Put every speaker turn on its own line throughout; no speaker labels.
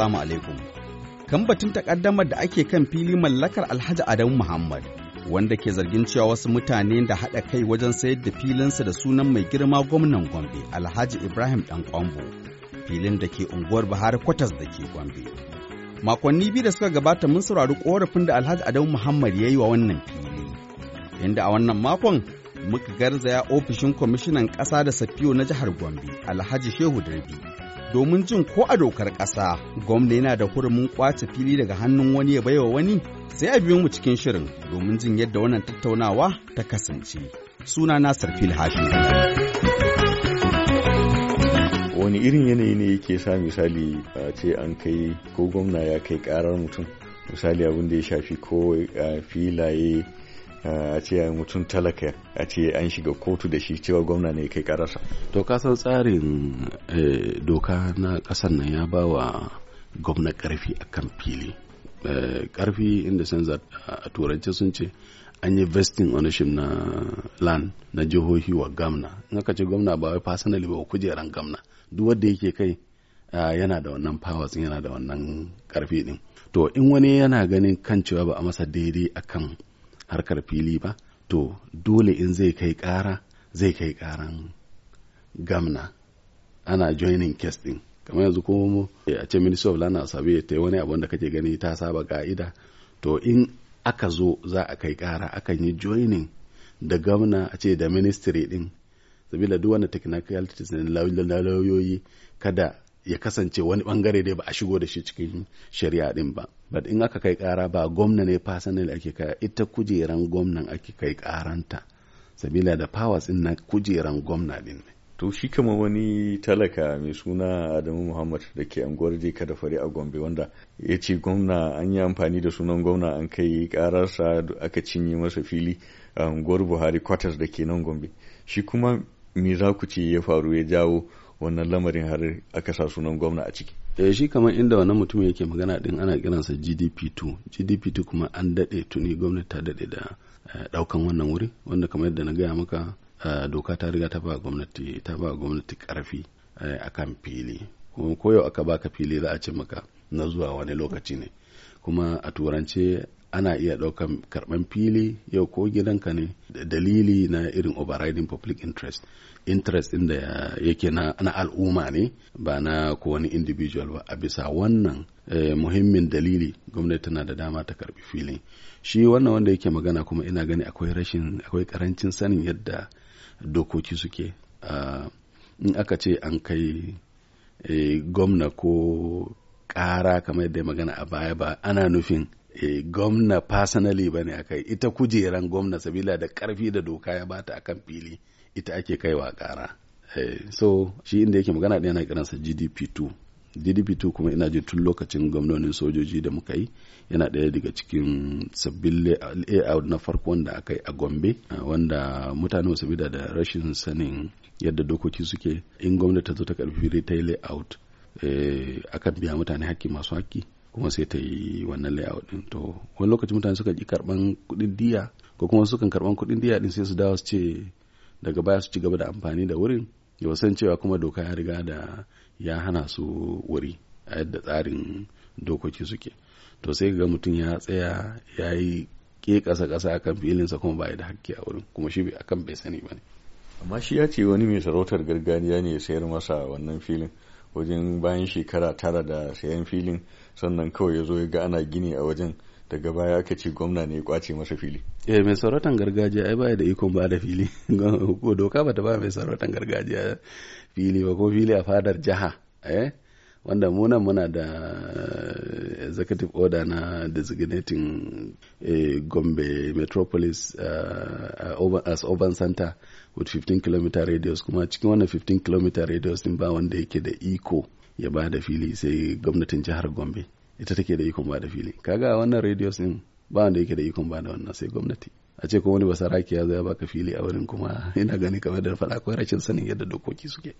Assalamu alaikum. Kan batun takaddamar da ake kan fili mallakar Alhaji Adamu Muhammad, wanda ke zargin cewa wasu mutane da haɗa kai wajen sayar da filinsa da sunan mai girma gwamnan Gombe, Alhaji Ibrahim Dan Kwambo, filin da ke unguwar Buhari Kwatas da ke Gombe. Makonni biyu da suka gabata mun saurari korafin da Alhaji Adamu Muhammad ya yi wa wannan fili, inda a wannan makon muka garzaya ofishin kwamishinan ƙasa da Safiyo na jihar Gombe, Alhaji Shehu Darbi. domin jin ko a dokar ƙasa gwamna yana da hurumin kwace fili daga hannun wani ya baiwa wani sai a biyo mu cikin shirin domin jin yadda wannan tattaunawa ta kasance suna nasar filhashi
wani irin yanayi ne yake sa misali a ce an kai ko gwamna ya kai karar mutum misali abin da ya shafi ko filaye Eh, a ce ya mutum talaka a ce an shiga kotu da shi cewa gwamna ne kai kararsa to kasan tsarin eh,
doka na kasan nan ya ba wa gwamna karfi akan fili karfi eh, inda san a turanci sun ce an yi vesting ownership na land na jihohi wa gamna in aka ce gwamna ba wai personally ba kujeran gamna duk wanda yake kai yana da wannan powers yana da wannan karfi din to in wani yana ganin kan cewa ba a masa daidai akan harkar fili ba to dole in zai kai kara zai kai ƙaran gamna ana joining case din kamar yanzu kuma mu eh, a ce minister of lana sabi ta wani abu da kake gani ta saba ka'ida to in aka zo za a kai kara akan yi joining da gamna a ce da ministry din sabila duk wanda technicalities na lauyoyi kada ya kasance wani bangare dai ba a shigo da shi cikin shari'a din ba but in aka kai kara ba gwamna ne da ake kai ita kujeran gwamnan ake kai karanta
sabila da powers din na kujeran gwamna din ne to shi kama wani talaka mai suna adamu muhammad da ke anguwar jeka kada fari a gombe wanda ya ce gwamna an yi amfani da sunan gwamna an kai kararsa aka cinye masa fili a unguwar buhari kwatas da ke nan gombe shi kuma me za ku ce ya faru ya jawo wannan lamarin har aka sa sunan gwamna a ciki eh shi kamar inda wannan mutum yake magana din ana kiransa GDP2
GDP2 kuma an daɗe tuni gwamnati ta daɗe da daukan eh, wannan wuri wanda kamar yadda na gaya maka eh, doka ta riga ta ba gwamnati ta ba gwamnati karfi eh, kan fili kuma koyo aka baka fili za a ce maka na zuwa wani lokaci ne kuma a turance ana iya ɗaukan karɓar fili yau ko gidanka ne dalili na irin overriding public interest interest ɗin da yake na, al'umma ne ba na ko wani individual ba a bisa wannan eh, muhimmin dalili gwamnati na da dama ta karɓi filin shi wannan wanda yake magana kuma ina gani akwai rashin akwai karancin sanin yadda dokoki suke in aka ce an kai eh, gwamna ko ƙara kamar yadda magana a baya ba ana nufin e, gwamna personally ba ne akai ita kujeran gwamna sabila da karfi da doka ya bata akan fili ita ake kaiwa kara e, eh, so shi inda yake magana da yana kiransa gdp2 gdp2 kuma ina jin tun lokacin gwamnonin sojoji da muka yi yana ɗaya daga cikin sabbin layout na farko wanda aka yi a gombe eh, wanda mutane wasu bida da rashin sanin yadda dokoki suke in gwamnati ta zo ta karfi ta yi layout akan biya mutane haƙƙi masu haƙƙi kuma sai ta yi wannan layout din to wani lokaci mutane suka ji karban kuɗin diya ko kuma sukan karban kuɗin diya din sai su dawo su ce daga baya su ci gaba da amfani da wurin ya san cewa kuma doka ya riga da ya hana su wuri a yadda tsarin dokoki suke to sai ga mutum ya tsaya ya yi ke kasa kasa akan filinsa kuma ba da hakki a wurin kuma shi akan bai sani ba ne
amma shi ya ce wani mai sarautar gargajiya ne ya sayar masa wannan filin wajen bayan shekara tara da sayan filin sannan kawai ya zo ya ga ana gini a wajen daga baya aka ce gwamna ne ya kwace masa fili.
Eh mai sarautan gargajiya ai baya da ikon ba da fili. Ko doka bata ba mai sarautan gargajiya fili ba ko fili a fadar jiha. Eh wanda mu muna da eh, executive order na designating eh, Gombe Metropolis uh, as urban center with 15 km radius kuma cikin wannan 15 km radius din ba wanda yake da iko ya ba da fili sai gwamnatin jihar gombe ita take da ikon ba da fili kaga wannan radius din ba wanda yake da ikon ba da wannan sai gwamnati a ce ko wani basaraki ya zo ya baka fili a wurin kuma ina gani kamar da faɗa akwai rashin sanin yadda dokoki suke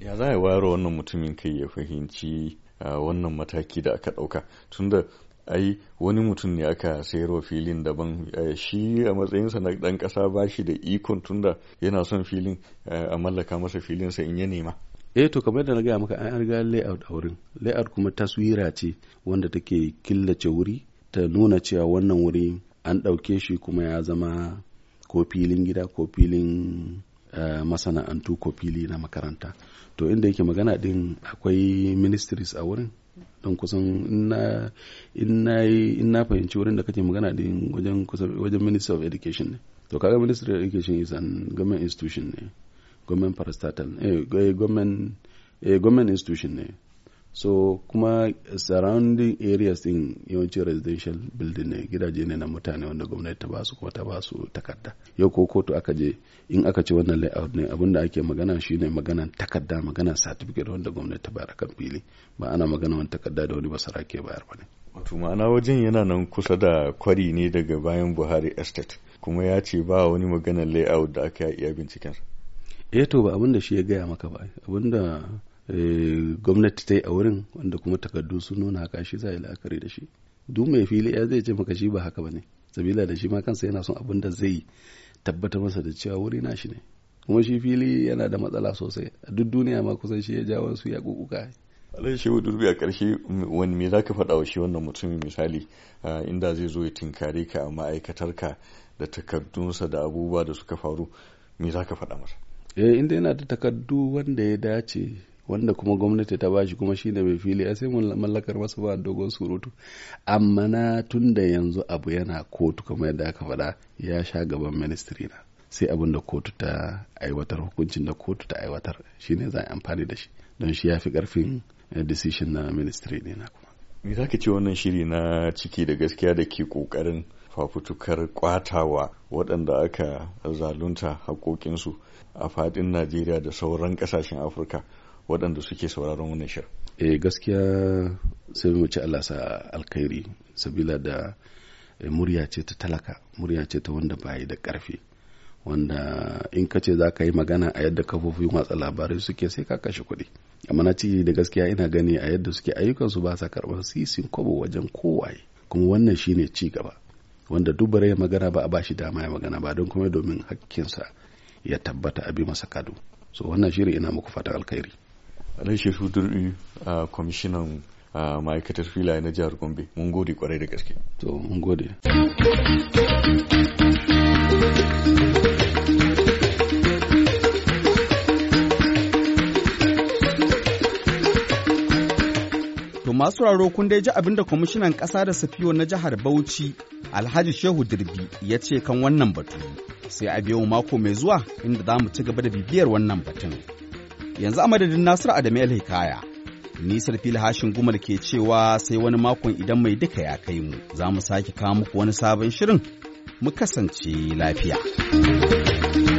ya za a wayar wannan mutumin kai ya fahimci ah, wannan mataki da aka ɗauka tunda ai wani mutum ne aka sayarwa filin daban eh, shi a matsayinsa na dan kasa ba shi da ikon tunda yana son filin eh, a mallaka masa filinsa in ya nema eh to kamar da na gaya maka
an ga layout a wurin layout kuma taswira ce wanda take killace wuri ta nuna cewa wannan wuri an ɗauke shi kuma ya zama ko filin gida ko filin Eh, masana'antu kofili na makaranta to inda yake magana din akwai ministries a wurin don kusan in na fahimci wurin da kake magana din wajen wajen of education ne to kaga ministry of education is an government institution ne government parastatal eh, eh, eh government institution ne so kuma surrounding areas din yawanci residential building ne gidaje ne na mutane wanda gwamnati ta basu kuma ta basu takarda yau ko kotu aka je in aka ci wannan layout ne abinda ake magana shine maganan takarda magana certificate wanda gwamnati ta bayar kan fili ba ana magana wani takarda da wani basara ke bayar ba ne
wato ma'ana wajen yana nan kusa da kwari ne daga bayan buhari estate kuma ya ce ba wani maganan layout da aka iya binciken eh to ba abinda shi ya gaya maka ba abinda Eh,
gwamnati ta yi a wurin wanda kuma takardu sun nuna haka shi za a yi la'akari da shi duk mai fili ya zai ce maka shi ba haka ba ne sabila da shi ma kansa yana son abin da zai tabbatar masa da cewa wuri na shi ne kuma shi fili yana da matsala sosai a duk duniya ma kusan shi ya jawo su ya kukuka
alai shehu durbi a ƙarshe wani me zaka faɗa wa shi wannan mutumin misali inda zai zo ya tinkare ka a ma'aikatarka da takardunsa da abubuwa da suka faru me zaka faɗa masa
eh inda yana da takardu wanda ya dace wanda kuma gwamnati ta bashi kuma shi ne mai fili a sai mallakar masa ba dogon surutu amma na tun da yanzu abu yana kotu kamar yadda aka faɗa ya sha gaban ministry na sai abin da kotu ta aiwatar hukuncin da kotu ta aiwatar shine za a amfani da shi don shi ya fi
karfin eh, decision na ministry ne na kuma me za ka ce wannan shiri na ciki da gaskiya da ke ƙoƙarin fafutukar kwatawa waɗanda aka zalunta haƙoƙinsu a faɗin najeriya da sauran ƙasashen afirka waɗanda suke sauraron wannan shir. eh gaskiya sai mu ci Allah sa alkhairi sabila da
eh, murya ce ta talaka murya ce ta wanda ba da karfi wanda in ka ce za ka yi magana a yadda kafofin watsa labarai suke sai ka kashe kuɗi amma na ci da gaskiya ina gani a yadda suke ayyukansu ba sa karɓar sisin kwabo wajen kowaye kuma wannan shine ci gaba wanda duk magana ba a ba shi dama ya magana ba don kuma domin hakkinsa ya tabbata a bi masa kado so wannan shiri ina muku fatan alkhairi
su durbi a kwamishinan ma'aikatar filaye na jihar Gombe. Mun gode kwarai da gaske. To, mun gode.
To masu raro kun dai ji abin da kwamishinan ƙasa da safiyo na jihar Bauchi Alhaji Shehu Dirbi ya ce kan wannan batu. Sai a biyo mako mai zuwa inda za mu ci gaba da bibiyar wannan batun. Yanzu a madadin Nasiru Adamu El Hikaya. Nisar fili hashin gumal ke cewa sai wani makon idan mai duka ya kai mu za mu sake kawo muku wani sabon shirin mu kasance lafiya.